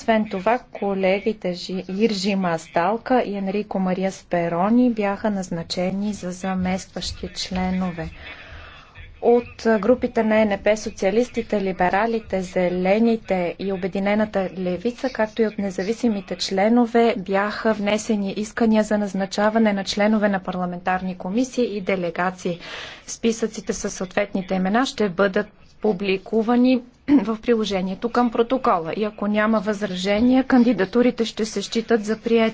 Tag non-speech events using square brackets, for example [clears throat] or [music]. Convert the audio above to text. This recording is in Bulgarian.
Освен това, колегите Иржи Масталка и Енрико Мария Сперони бяха назначени за заместващи членове. От групите на НП, социалистите, либералите, зелените и Обединената левица, както и от независимите членове, бяха внесени искания за назначаване на членове на парламентарни комисии и делегации. Списъците със съответните имена ще бъдат публикувани [clears throat] в приложението към протокола. И ако няма възражения, кандидатурите ще се считат за приети.